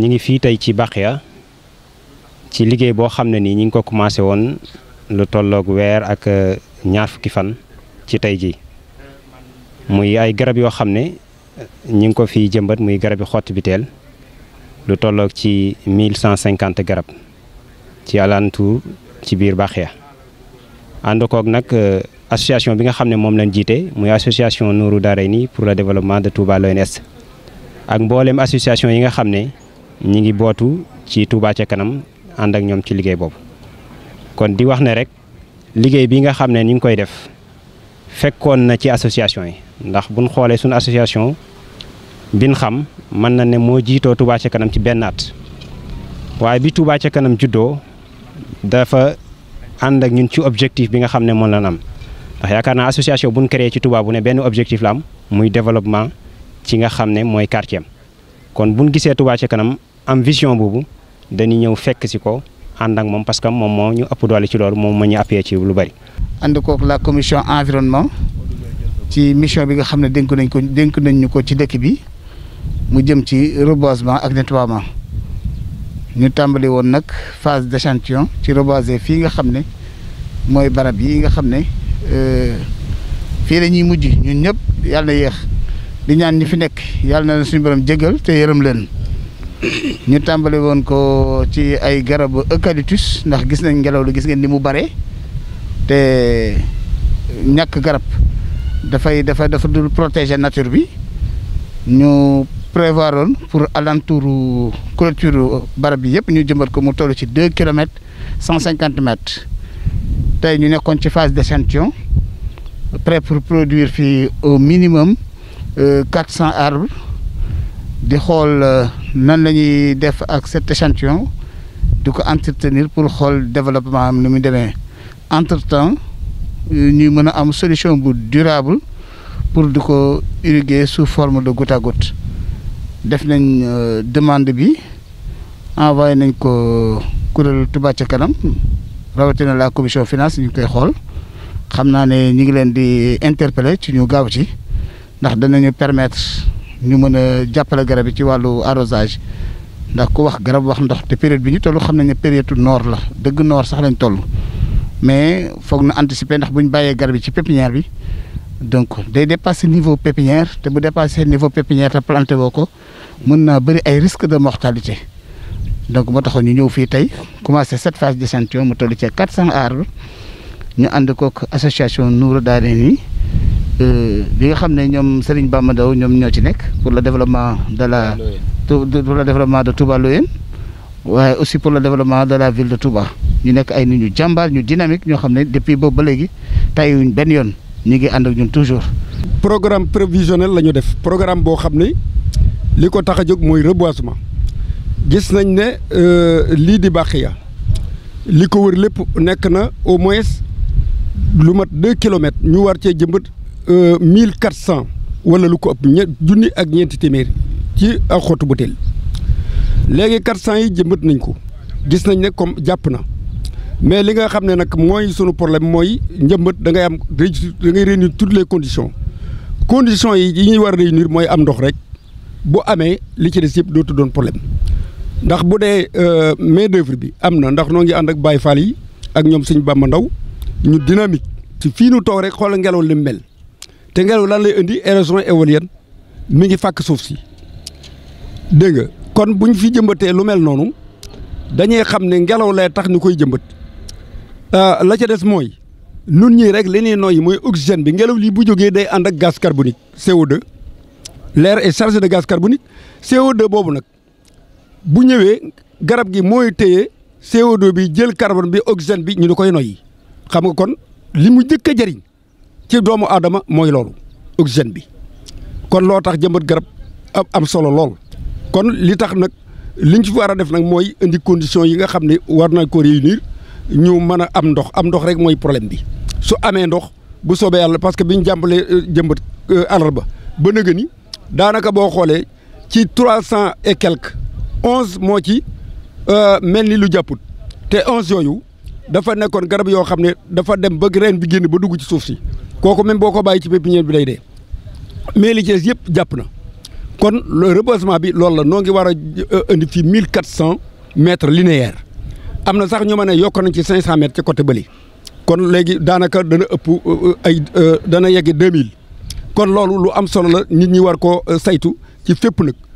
ñi ngi fii tey ci Baxiya ci liggéey boo xam ne nii ñi ngi ko commencé woon lu tolloog weer ak euh, ñaar fukki fan ci tey ji muy ay garab yoo xam ne ñi ngi ko fi jëmbat muy garabi xott biteel lu tolloog ci mille cent cinquante garab ci alantu ci biir Baxiya ànd koog nag euh, association bi nga xam ne moom lañ jiite muy association Nourou Darayni pour le développement de Touba l'ONS ak mboolem association yi nga xam ne ñi ngi bootu ci Touba ca kanam ànd ak ñoom ci liggéey boobu kon di wax ne rek liggéey bi nga xam ne ñu ngi koy def fekkoon na ci association yi ndax bu buñ xoolee suñu association bin xam mën na ne moo jiitoo Touba ca kanam ci benn at waaye bi Touba ca kanam juddoo dafa ànd ak ñun ci objectif bi nga xam ne moom la am ndax yaakaar naa association buñ créé ci Touba bu ne benn objectif la am muy développement ci nga xam ne mooy quartier am kanam am vision boobu dañuy ñëw fekk si ko ànd ak moom parce que moom moo ñu ëpp doole ci loolu moom moo ñu appuyé ci lu bari. ànd kook la commission environnement ci mission bi nga xam ne dénk nañ ko dénk nañ ñu ko ci dëkk bi mu jëm ci reboisement ak nettoiement ñu tàmbali woon nag phase d'échantillon ci reboiser fii nga xam ne mooy barab yi nga xam ne euh, fii la ñuy mujj ñun ñëpp yàlla na yéex di ñaan ñi fi nekk yàlla na leen suñu borom jégal te yërëm leen. ñu tàmbali woon ko ci ay garabu eucalyptus ndax gis nañ ngelaw la gis ngeen ni mu bare te ñàkk garab dafay dafa dafa dul protéger nature bi ñu prévoir woon pour alentour clôture barab bi yëpp ñu jëmbat ko mu toll ci deux kilomètres cent cinquante mètres tey ñu nekkoon ci phase de d'échantillon prêt pour produire fii au minimum euh, quatre cent arbres di xool euh, nan la ñuy def ak cet échantillon di ko entretenir pour xool développement am ni muy demee entre temps euh, ñuy mën a am solution bu durable pour di ko irriguer sous forme de goutte à def nañ euh, demande bi envoyé nañ ko kuréel Touba ci kanam rawatina la commission finance ñu koy xool xam naa ne ñu ngi leen di interpeller ci ñu gaaw ci ndax danañu permettre ñu mën a jàppale garab yi ci wàllu arrosage ndax ku wax garab wax ndox te période bi ñu toll xam nañ ne période noor la dëgg noor sax lañ toll mais foog na anticiper ndax bu ñu bàyyee garab yi ci pépinière bi donc day dépasser niveau pépinière te bu dépasser niveau pépinière te planté woo ko mën naa bëri ay risque de mortalité donc moo taxoon ñu ñëw fii tey commencé cette phase d'échantillon mu toll ci cent arbres ñu ànd kook association Noura Darayni Euh, bi nga xam ne ñoom baam ma Ndao ñoom ñoo ci nekk pour le développement de la pour le développement de Touba Loyenne waaye aussi pour le développement de la ville de Touba ñu nekk ay nit ñu jàmbaar ñu dynamique ñoo xam ne depuis boobu ba léegi tayuñ benn yoon ñu ngi ànd ak ñun toujours. programme prévisionnel la ñu def programme boo xam ne li ko tax a jóg mooy reboisement gis nañ ne euh, lii di Bakhiya li ko wër lépp nekk na au moins lu mat deux kilomètres ñu war cee jëmbat. Euh, mille quatre cent wala lu ko ëpp ñe junni ak ñeenti téeméer ci ak xottu butéel léegi quatre cent yi jëmbat nañ ko gis nañ ne comme jàpp na mais li nga xam ne nag mooy sunu problème mooy njëmbat da ngay am da ngay réunir toutes les conditions conditions yi yi ñuy war a réunir mooy am ndox rek bu amee li ci des yëpp dootu doon problème ndax bu dee euh, mais d'œuvre bi am na ndax noo ngi ànd ak Baye Fall yi ak ñoom suñu Bamba Ndaw ñu dynamique ci fii nu toog rek xoolal ngelaw li mu te ngelaw lan lay indi érosion éolienne mu ngi fàkk suuf si dégg nga kon bu ñu fi jëmbatee lu mel noonu dañuy xam ne ngelaw lay tax ñu koy jëmbat euh, la ca des mooy nun ñii rek li ñuy noyyi mooy oxygène bi ngelaw lii bu jógee day ànd ak gaz carbonique co leer l'air est de gaz carbonique co boobu nag bu ñëwee garab gi mooy téye co bi jël carbon bi oxygène bi ñu nu koy noyyi xam nga kon li mu njëkk a jëriñ ci doomu aadama mooy loolu oxygène bi kon loo tax jëmbat garab am solo lool kon li tax nag liñ ci war a def nag mooy indi conditions yi nga xam ni war na ko réunir ñu mën a am ndox am ndox rek mooy problème bi su amee ndox bu soobee yàlla parce que bi ñu jàmbalee euh, jëmbat àllarba euh, ba nëgë ni daanaka boo xoolee ci trois cent et quelque onze moo ci euh, mel ni lu jàpput te onze yooyu dafa nekkoon garab yoo xam ne dafa dem ba reen bi génn ba dugg ci suuf si kooku même boo ko bàyyi ci pépinière bi day dee mais li ci des yëpp jàpp na kon reboisement bi loolu la noo ngi war a euh, indi fii mille quatre cent mètres linéaires am na sax ñu ma ne yokk nañ ci cinq cent ci côté bëli kon léegi daanaka dana ëpp euh, euh, ay dana yegg deux mille kon loolu lu am solo la nit ñi war koo saytu ci fépp nag.